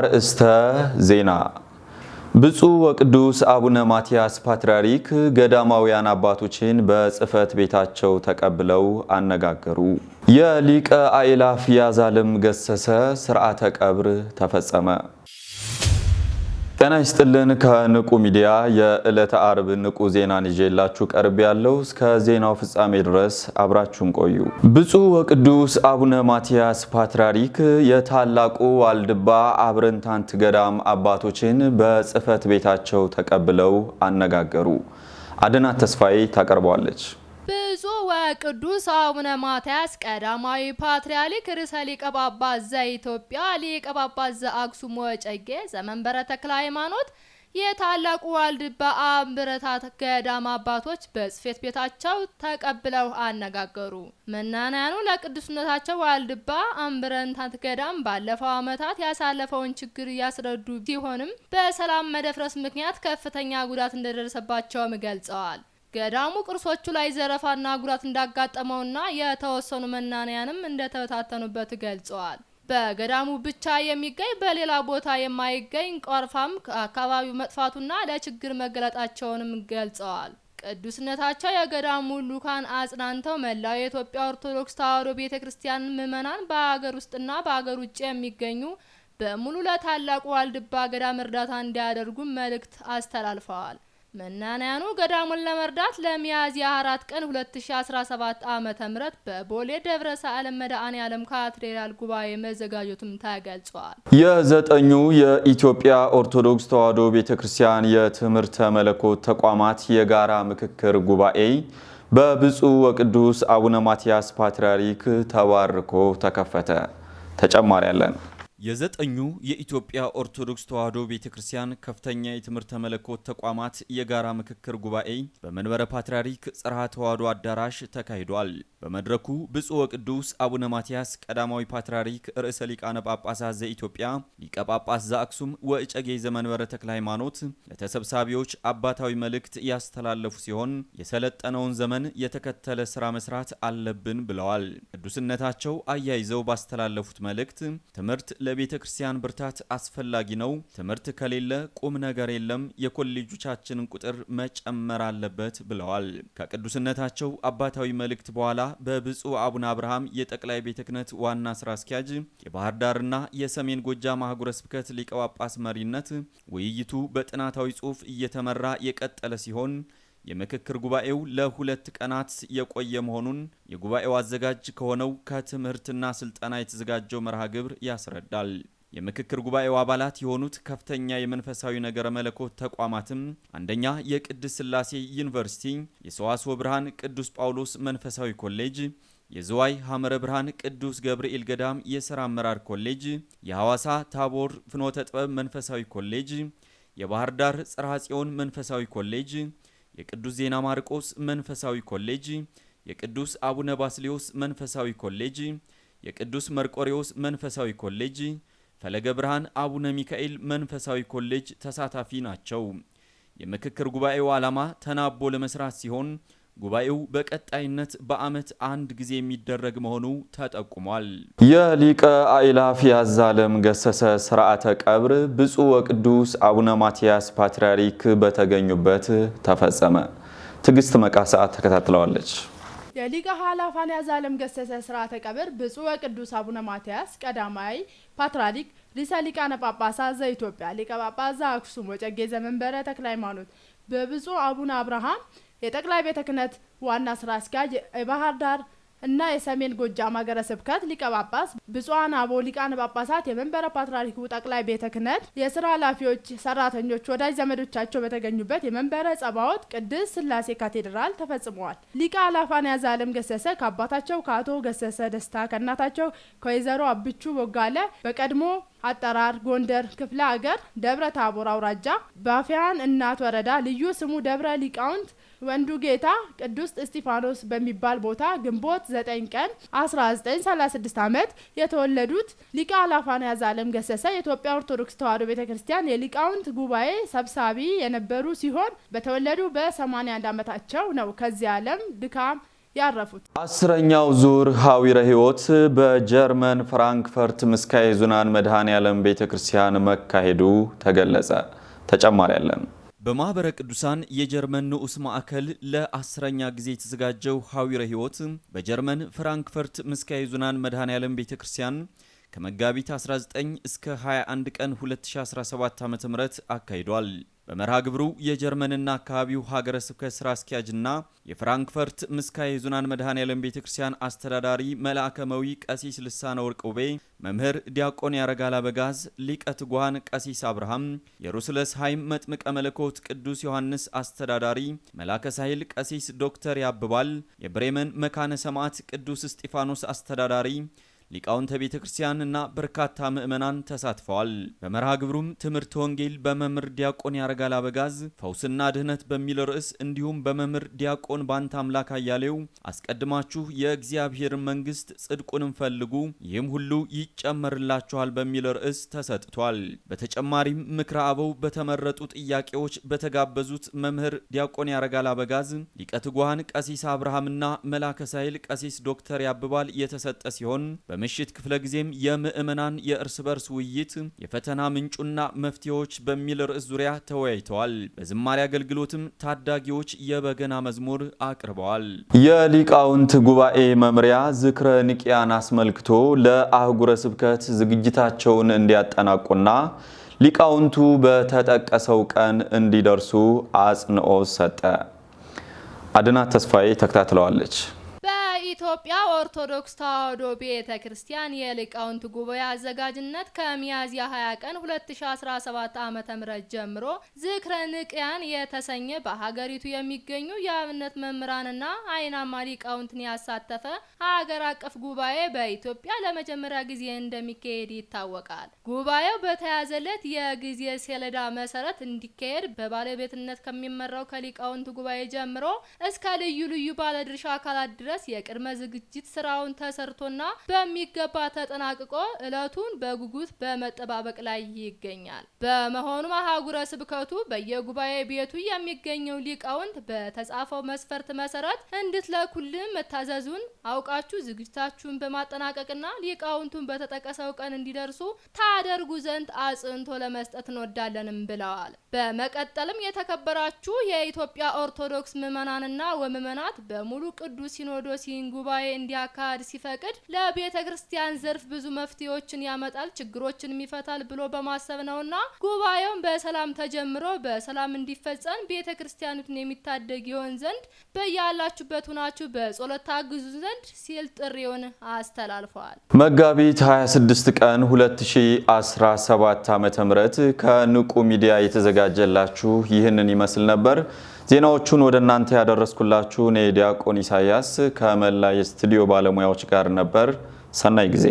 አርእስተ ዜና ብፁዕ ወቅዱስ አቡነ ማትያስ ፓትርያርክ ገዳማውያን አባቶችን በጽፈት ቤታቸው ተቀብለው አነጋገሩ። የሊቀ አእላፍ ያዛልም ገሰሰ ስርዓተ ቀብር ተፈጸመ። ጤና ይስጥልን። ከንቁ ሚዲያ የዕለተ አርብ ንቁ ዜናን ይዤላችሁ ቀርብ ያለው እስከ ዜናው ፍጻሜ ድረስ አብራችሁን ቆዩ። ብፁዕ ወቅዱስ አቡነ ማትያስ ፓትርያርክ የታላቁ ዋልድባ አብረንታንት ገዳም አባቶችን በጽህፈት ቤታቸው ተቀብለው አነጋገሩ። አድናት ተስፋዬ ታቀርበዋለች። ቅዱስ አቡነ ማትያስ ቀዳማዊ ፓትርያርክ ርዕሰ ሊቀ ጳጳሳት ዘኢትዮጵያ ሊቀ ጳጳስ ዘአክሱም ወጨጌ ዘመንበረ ተክለ ሃይማኖት የታላቁ ዋልድባ አብረታት ገዳም አባቶች በጽፌት ቤታቸው ተቀብለው አነጋገሩ። መናንያኑ ለቅዱስነታቸው ዋልድባ አብረታት ገዳም ባለፈው ዓመታት ያሳለፈውን ችግር እያስረዱ ሲሆንም በሰላም መደፍረስ ምክንያት ከፍተኛ ጉዳት እንደደረሰባቸውም ገልጸዋል። ገዳሙ ቅርሶቹ ላይ ዘረፋና ጉዳት እንዳጋጠመውና የተወሰኑ መናንያንም እንደተበታተኑበት ገልጸዋል። በገዳሙ ብቻ የሚገኝ በሌላ ቦታ የማይገኝ ቆርፋም አካባቢው መጥፋቱና ለችግር መገለጣቸውንም ገልጸዋል። ቅዱስነታቸው የገዳሙ ሉካን አጽናንተው መላው የኢትዮጵያ ኦርቶዶክስ ተዋሕዶ ቤተ ክርስቲያን ምዕመናን በሀገር ውስጥና በሀገር ውጭ የሚገኙ በሙሉ ለታላቁ ዋልድባ ገዳም እርዳታ እንዲያደርጉ መልእክት አስተላልፈዋል። መናንያኑ ገዳሙን ለመርዳት ለሚያዝያ አራት ቀን 2017 ዓመተ ምህረት በቦሌ ደብረ ሰላም መድኃኔዓለም ካቴድራል ጉባኤ መዘጋጀቱም ተገልጿል። የዘጠኙ የኢትዮጵያ ኦርቶዶክስ ተዋሕዶ ቤተክርስቲያን የትምህርተ መለኮት ተቋማት የጋራ ምክክር ጉባኤ በብፁዕ ወቅዱስ አቡነ ማትያስ ፓትርያርክ ተባርኮ ተከፈተ። ተጨማሪ የዘጠኙ የኢትዮጵያ ኦርቶዶክስ ተዋሕዶ ቤተ ክርስቲያን ከፍተኛ የትምህርተ መለኮት ተቋማት የጋራ ምክክር ጉባኤ በመንበረ ፓትርያርክ ጽርሐ ተዋሕዶ አዳራሽ ተካሂዷል። በመድረኩ ብፁዕ ወቅዱስ አቡነ ማትያስ ቀዳማዊ ፓትርያርክ ርዕሰ ሊቃነ ጳጳሳት ዘኢትዮጵያ ሊቀ ጳጳስ ዘአክሱም ወእጨጌ ዘመንበረ ተክለ ሃይማኖት ለተሰብሳቢዎች አባታዊ መልእክት ያስተላለፉ ሲሆን የሰለጠነውን ዘመን የተከተለ ስራ መስራት አለብን ብለዋል። ቅዱስነታቸው አያይዘው ባስተላለፉት መልእክት ትምህርት ለቤተ ክርስቲያን ብርታት አስፈላጊ ነው። ትምህርት ከሌለ ቁም ነገር የለም። የኮሌጆቻችንን ቁጥር መጨመር አለበት ብለዋል። ከቅዱስነታቸው አባታዊ መልእክት በኋላ በብፁዕ አቡነ አብርሃም የጠቅላይ ቤተ ክህነት ዋና ስራ አስኪያጅ የባህር ዳርና የሰሜን ጎጃም አህጉረ ስብከት ሊቀ ጳጳስ መሪነት ውይይቱ በጥናታዊ ጽሑፍ እየተመራ የቀጠለ ሲሆን የምክክር ጉባኤው ለሁለት ቀናት የቆየ መሆኑን የጉባኤው አዘጋጅ ከሆነው ከትምህርትና ስልጠና የተዘጋጀው መርሃ ግብር ያስረዳል። የምክክር ጉባኤው አባላት የሆኑት ከፍተኛ የመንፈሳዊ ነገረ መለኮት ተቋማትም አንደኛ የቅድስት ስላሴ ዩኒቨርሲቲ፣ የሰዋስወ ብርሃን ቅዱስ ጳውሎስ መንፈሳዊ ኮሌጅ የዝዋይ ሐመረ ብርሃን ቅዱስ ገብርኤል ገዳም የሥራ አመራር ኮሌጅ፣ የሐዋሳ ታቦር ፍኖተ ጥበብ መንፈሳዊ ኮሌጅ፣ የባህር ዳር ጽርሐ ጽዮን መንፈሳዊ ኮሌጅ፣ የቅዱስ ዜና ማርቆስ መንፈሳዊ ኮሌጅ፣ የቅዱስ አቡነ ባስሌዎስ መንፈሳዊ ኮሌጅ፣ የቅዱስ መርቆሬዎስ መንፈሳዊ ኮሌጅ፣ ፈለገ ብርሃን አቡነ ሚካኤል መንፈሳዊ ኮሌጅ ተሳታፊ ናቸው። የምክክር ጉባኤው ዓላማ ተናቦ ለመስራት ሲሆን ጉባኤው በቀጣይነት በዓመት አንድ ጊዜ የሚደረግ መሆኑ ተጠቁሟል። የሊቀ አይላፍ ያዛለም ገሰሰ ስርዓተ ቀብር ብፁዕ ወቅዱስ አቡነ ማትያስ ፓትርያርክ በተገኙበት ተፈጸመ። ትዕግስት መቃ ተከታትለዋለች። የሊቀ ኃላፋን ያዛለም ገሰሰ ስርዓተ ቀብር ብፁዕ ወቅዱስ አቡነ ማትያስ ቀዳማዊ ፓትርያርክ ርዕሰ ሊቃነ ጳጳሳት ዘኢትዮጵያ ሊቀ ጳጳስ ዘአክሱም ወጨጌ ዘመንበረ ተክለ ሃይማኖት በብፁዕ አቡነ አብርሃም የጠቅላይ ቤተ ክህነት ዋና ስራ አስኪያጅ፣ የባህር ዳር እና የሰሜን ጎጃም ሀገረ ስብከት ሊቀ ጳጳስ፣ ብፁዓን አበው ሊቃነ ጳጳሳት፣ የመንበረ ፓትርያርኩ ጠቅላይ ቤተ ክህነት የስራ ኃላፊዎች፣ ሰራተኞች፣ ወዳጅ ዘመዶቻቸው በተገኙበት የመንበረ ጸባዖት ቅድስት ስላሴ ካቴድራል ተፈጽመዋል። ሊቀ አላፋን ያዘ አለም ገሰሰ ከአባታቸው ከአቶ ገሰሰ ደስታ ከእናታቸው ከወይዘሮ አብቹ ቦጋለ በቀድሞ አጠራር ጎንደር ክፍለ አገር ደብረ ታቦር አውራጃ ባፊያን እናት ወረዳ ልዩ ስሙ ደብረ ሊቃውንት ወንዱ ጌታ ቅዱስ እስጢፋኖስ በሚባል ቦታ ግንቦት 9 ቀን 1936 ዓመት የተወለዱት ሊቀ አላፋን ያዛለም ገሰሰ የኢትዮጵያ ኦርቶዶክስ ተዋሕዶ ቤተ ክርስቲያን የሊቃውንት ጉባኤ ሰብሳቢ የነበሩ ሲሆን በተወለዱ በ81 ዓመታቸው ነው ከዚህ ዓለም ድካም ያረፉት። አስረኛው ዙር ሀዊረ ሕይወት በጀርመን ፍራንክፈርት ምስካየ ኅዙናን መድኃኔ ዓለም ቤተ ክርስቲያን መካሄዱ ተገለጸ። ተጨማሪ ያለን በማኅበረ ቅዱሳን የጀርመን ንዑስ ማዕከል ለአስረኛ ጊዜ የተዘጋጀው ሐዊረ ሕይወት በጀርመን ፍራንክፈርት ምስካየ ኅዙናን መድኃኔ ዓለም ቤተ ክርስቲያን ከመጋቢት 19 እስከ 21 ቀን 2017 ም አካሂዷል። በመርሃ ግብሩ የጀርመንና አካባቢው ሀገረ ስብከት ስራ አስኪያጅና የፍራንክፈርት ምስካየ ኅዙናን መድኃኔዓለም ቤተ ክርስቲያን አስተዳዳሪ መልአከመዊ ቀሲስ ልሳነ ወርቅ ውቤ፣ መምህር ዲያቆን ያረጋል አበጋዝ፣ ሊቀ ትጉሃን ቀሲስ አብርሃም፣ የሩስለስ የሩስለስሃይም መጥምቀ መለኮት ቅዱስ ዮሐንስ አስተዳዳሪ መልአከ ሳህል ቀሲስ ዶክተር ያብባል፣ የብሬመን መካነ ሰማዕት ቅዱስ እስጢፋኖስ አስተዳዳሪ ሊቃውንተ ቤተ ክርስቲያንና በርካታ ምዕመናን ተሳትፈዋል። በመርሃ ግብሩም ትምህርት ወንጌል በመምህር ዲያቆን ያረጋል አበጋዝ፣ ፈውስና ድህነት በሚል ርዕስ እንዲሁም በመምህር ዲያቆን ባንተ አምላክ አያሌው አስቀድማችሁ የእግዚአብሔር መንግስት ጽድቁንም ፈልጉ ይህም ሁሉ ይጨመርላችኋል በሚል ርዕስ ተሰጥቷል። በተጨማሪም ምክረ አበው በተመረጡ ጥያቄዎች በተጋበዙት መምህር ዲያቆን ያረጋል አበጋዝ፣ ሊቀ ትጉሃን ቀሲስ አብርሃምና መላከ ሳይል ቀሲስ ዶክተር ያብባል የተሰጠ ሲሆን በምሽት ክፍለ ጊዜም የምዕመናን የእርስ በርስ ውይይት የፈተና ምንጩና መፍትሄዎች በሚል ርዕስ ዙሪያ ተወያይተዋል። በዝማሬ አገልግሎትም ታዳጊዎች የበገና መዝሙር አቅርበዋል። የሊቃውንት ጉባኤ መምሪያ ዝክረ ንቅያን አስመልክቶ ለአህጉረ ስብከት ዝግጅታቸውን እንዲያጠናቁና ሊቃውንቱ በተጠቀሰው ቀን እንዲደርሱ አጽንኦ ሰጠ። አድናት ተስፋዬ ተከታትለዋለች። የኢትዮጵያ ኦርቶዶክስ ተዋሕዶ ቤተ ክርስቲያን የሊቃውንት ጉባኤ አዘጋጅነት ከሚያዝያ 20 ቀን 2017 ዓ.ም ጀምሮ ዝክረ ንቅያን የተሰኘ በሀገሪቱ የሚገኙ የአብነት መምህራንና አይናማ ሊቃውንትን ያሳተፈ ሀገር አቀፍ ጉባኤ በኢትዮጵያ ለመጀመሪያ ጊዜ እንደሚካሄድ ይታወቃል። ጉባኤው በተያዘለት የጊዜ ሰሌዳ መሰረት እንዲካሄድ በባለቤትነት ከሚመራው ከሊቃውንት ጉባኤ ጀምሮ እስከ ልዩ ልዩ ባለድርሻ አካላት ድረስ የቅድመ ቅድመ ዝግጅት ስራውን ተሰርቶና በሚገባ ተጠናቅቆ እለቱን በጉጉት በመጠባበቅ ላይ ይገኛል። በመሆኑም አህጉረ ስብከቱ በየጉባኤ ቤቱ የሚገኘው ሊቃውንት በተጻፈው መስፈርት መሰረት እንድትለኩልን መታዘዙን አውቃችሁ ዝግጅታችሁን በማጠናቀቅና ሊቃውንቱን በተጠቀሰው ቀን እንዲደርሱ ታደርጉ ዘንድ አጽንቶ ለመስጠት እንወዳለንም ብለዋል። በመቀጠልም የተከበራችሁ የኢትዮጵያ ኦርቶዶክስ ምእመናንና ወምእመናት በሙሉ ቅዱስ ሲኖዶሲን ጉባኤ እንዲያካሂድ ሲፈቅድ ለቤተ ክርስቲያን ዘርፍ ብዙ መፍትሄዎችን ያመጣል፣ ችግሮችን ይፈታል ብሎ በማሰብ ነውና ጉባኤውን በሰላም ተጀምሮ በሰላም እንዲፈጸም ቤተ ክርስቲያኑን የሚታደግ ይሆን ዘንድ በያላችሁበት ሁናችሁ በጸሎት ታግዙ ዘንድ ሲል ጥሪውን አስተላልፈዋል። መጋቢት 26 ቀን 2017 ዓ.ም ከንቁ ሚዲያ የተዘጋ የተዘጋጀላችሁ ይህንን ይመስል ነበር። ዜናዎቹን ወደ እናንተ ያደረስኩላችሁ እኔ ዲያቆን ኢሳያስ ከመላ የስቱዲዮ ባለሙያዎች ጋር ነበር። ሰናይ ጊዜ